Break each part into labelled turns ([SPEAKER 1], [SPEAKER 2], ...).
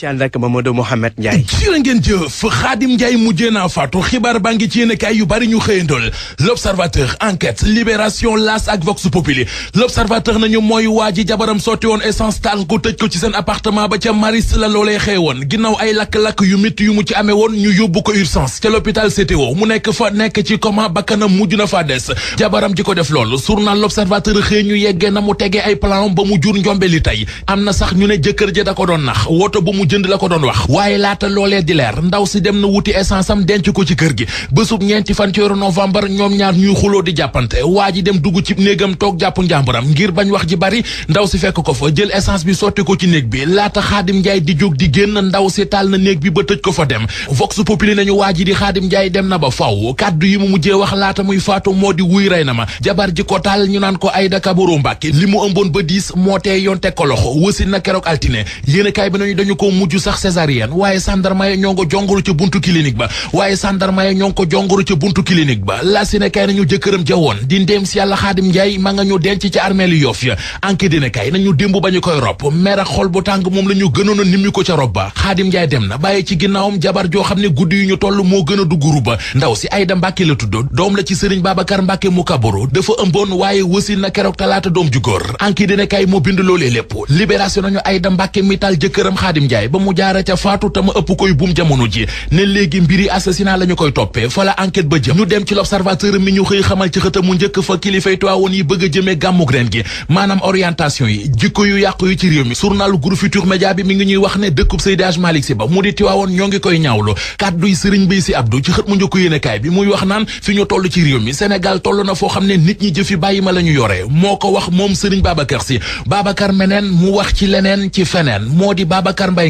[SPEAKER 1] ci ànd ak Mamadou Mouhamed Ndiaye jërë ngeen la loolee xëy woon ginnaaw ay lakk-lakk yu métti yu mu ci amee woon ñu yóbbu ko urgence ca l'hôpital CTO mu nekk fa nekk ci coma bakkanam mujj na faa des jabaram ji ko def lool journal L'Observateur xëy ñu yeggee na mu tegee ay plan ba mu jur njombe li tey am na sax ñu ne jëkkër ja da ko doon nax woto bu mu jënd la ko doon wax waaye laata loolee di leer ndaw si dem na wuti essence am denc ko ci kër gi bésub ñeenti fan ci weeru novembre ñoom ñaar ñuy xuloo di jàppante waa ji dem dugg ci néegam toog jàpp njàmburam ngir bañ wax ji bari ndaw si fekk ko fa jël essence bi sotti ko ci néeg bi laata xaadim njaay di jóg di génn ndaw si taal na néeg bi ba tëj ko fa dem vox populi nañu waa ji di xaadim njaay dem na ba faw kàddu yi mu mujjee wax laata muy faatu moo di wuy rey na ma jabar ji ko taal ñu naan ko Aïda Kaboro Mbàkke li mu ëmboon ba diis moo tee yoon teg ko loxo wësi na keroog altine yéen moo mujj sax césarienne waaye sandarma ya ñoo ngi ko jongoro ca buntu clinique ba waaye sandarma ya ñoo ngi ko jongoro ca buntu clinique ba la sine nañu jëkkëram ja di ndéem si yàlla xaadim njaay ma nga ñu denc ci armeel yoof ya anki dina kay nañu démb ba ñu koy rob mer ak xol bu tàng moom la ñu gënoon a nimmi ko ca rob ba xaadim njaay dem na bàyyi ci ginnaawam jabar joo xam ne guddi yu ñu toll moo gën a dugguru ba ndaw si ayda mbàkke la tudd doom la ci sëriñ babacar mbàkke mu kaboro dafa ëmboon waaye wasin na keroog Ndiaye ba mu jaara ca faatu tama ëpp koy buum jamono ji ne léegi mbiri assassinat la koy toppee fa la ba jëm ñu dem ci l'observateur mi ñu xëy xamal ci xëta mu njëkk fa kilifay tuwaawoon yi bëgg a jëmee gàmmug ren gi maanaam orientation yi jikko yu yàqu yu ci réew mi journal groupe Futurs Médias bi mi ngi ñuy wax ne dëkkub Seydi Hadji Malick Sy ba mu di tiwaawoon ñoo ngi koy ñaawlu kàdduy sëriñ Bay Si Abdu ci xët mu njëkk yéenekaay bi muy wax naan fi ñu toll ci réew mi Sénégal toll na foo xam ne nit ñi jëfi bàyyi ma la ñu yore moo ko wax moom sëriñ Babacar Si Babacar meneen mu wax ci leneen ci feneen moo di Babacar Mbaye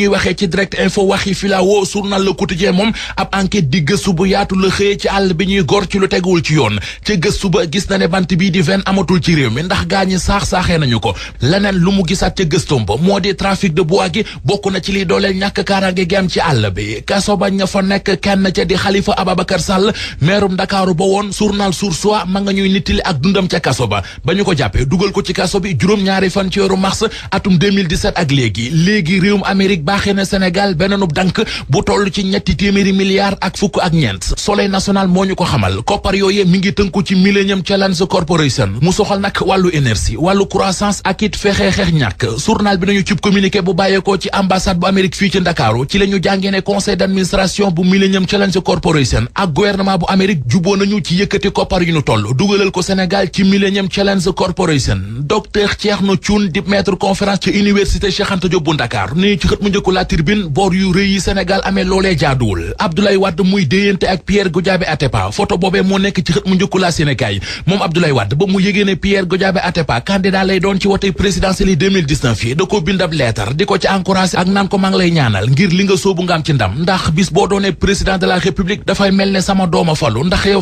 [SPEAKER 1] ñuy waxee ci direct info waxi filao journal Le Quotidien moom ab enquête di gëstu bu yaatu la xëyee ci àll bi ñuy gor ci lu teguwul ci yoon ca gëstu ba gis na ne bant bii di veine amatul ci réew mi ndax gaa ñi saax-saaxee nañu ko leneen lu mu gisaat ca gëstoom ba moo di trafic de bu gi bokk na ci liy dooleel ñàkk kaaraange gi am ci àll bi kaso bañ ña fa nekk kenn ca di Xalifa Ababacar Sall meerum Ndakaaru ba woon journal Source A ma nga ñuy nittali ak dundam ca kaso ba ba ñu ko jàppee dugal ko ci kaso bi juróom-ñaari fan ci weeru mars atum 2017 ak léegi léegi réewum Amérique baaxee na Sénégal beneenub dank bu toll ci ñetti téeméeri milliards ak fukk ak ñeent soleil national moo ñu ko xamal koppar yooyee mi ngi tënku ci Millennium Challenge Corporation mu soxal nag wàllu énergie wàllu croissance ak it fexe xeex ñàkk journal bi nañu cib communiqué bu bàyyeekoo ci ambassade bu Amérique fii ci Ndakaaru ci la ñu jàngee ne conseil d'administration bu Millennium Challenge Corporation ak gouvernement bu Amérique juboo nañu ci yëkkati koppar yu ñu toll dugalal ko Sénégal ci Millennium Challenge Corporation docteur Thierno Thioune di maître conférence ci université Cheikh Anta Diop bu Ndakaar ni ci xët yëglekaay la Tribune bor yu rëy yi Sénégal amee loolee jaaduwul Abdoulaye Wade muy déyante ak Pierre Goudiaby Atepa photo boobee moo nekk ci xët mu njëkku la Sénégal moom Abdoulaye Wade ba mu yégée ne Pierre Goudiaby Atepa candidat lay doon ci wotey présidentielle yi 2019 yi da ko bind ab lettre di ko ci encouragé ak naan ko maa lay ñaanal ngir li nga soobu nga ci ndam ndax bis boo doonee président de la république dafay mel ne sama dooma falu ndax yow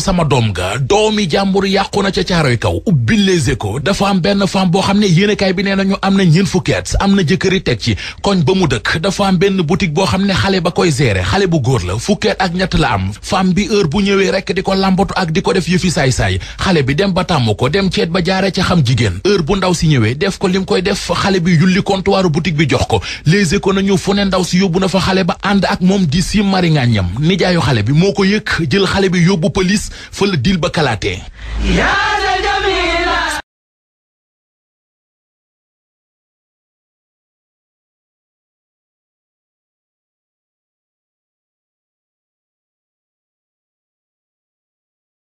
[SPEAKER 1] ne yéenekaay bi na ñu am na ñeen fukki at am na dafa am benn boutique boo xam ne xale ba koy gérer xale bu góor la fukkeet ak ñett la am femme bi heure bu ñëwee rek di ko lambatu ak di ko def yëfi saay-saay xale bi dem ba tàmm ko dem ceet ba jaaree ca xam jigéen heure bu ndaw si ñëwee def ko lim koy def xale bi yulli comptoiru boutique bi jox ko les éco nañu fu ne ndaw si yóbbu na fa xale ba ànd ak moom di si mari ngàññam nijaayu xale bi moo ko yëkk jël xale bi yóbbu police fa la dil ba kalaatee